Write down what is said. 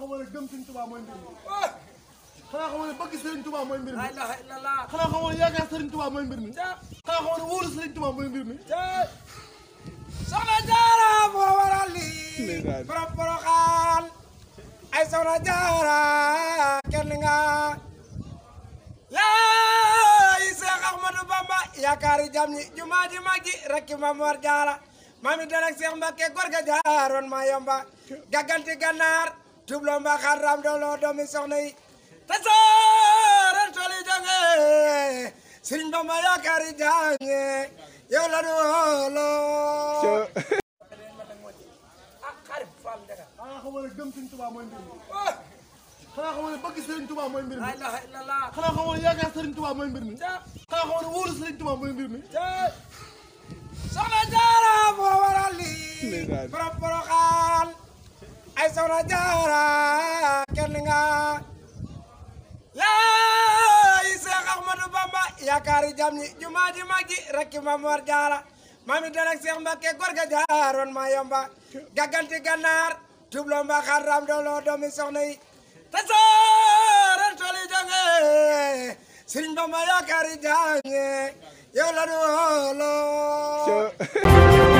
xamoo ne gëm bëgg Sëriñ Tuubaa mooy mbir mi xanaa xamoo ne yaakaar Sëriñ Tuubaa mooy mbir mi xanaa xamoo jaara moo waral lii borom poroxaan ay soxna jaara kenn nga laay Seex Ahmadu Bamba yaakaari jam ñi jumaa ji mag ji rakki Mamor Jaara mami dalak Seex Mbakke gorga jaaroon ma yomba gagganti gannaar jubloo mbaxaar raam dooloo doomi soxna yi tasaaran toli jange sëriñ Bamba yaakaar yi jange yow la nu wooloo ak xarit faam daga xanaa xamoo gëm sëriñ Tuubaa mooy mbir mi oh. xanaa xamoo ne bëgg sëriñ Tuubaa mbir mi xanaa xamoo ne yaakaar sëriñ Tuubaa mbir mi xanaa xamoo ne wóolu sëriñ Tuubaa mooy ay soxna jaara kenn nga yaay Seex Ahmadu Bamba yaakaari jam ñi jumaa ji mag ji rakki Maam Mor Jaara Mbakke góor ga jaaroon yomba gagganti gannaar tubloo mba xar ram dooloo doomi soxna yi ta sooran tooli jonge Bamba yaakaari jam ñi yow la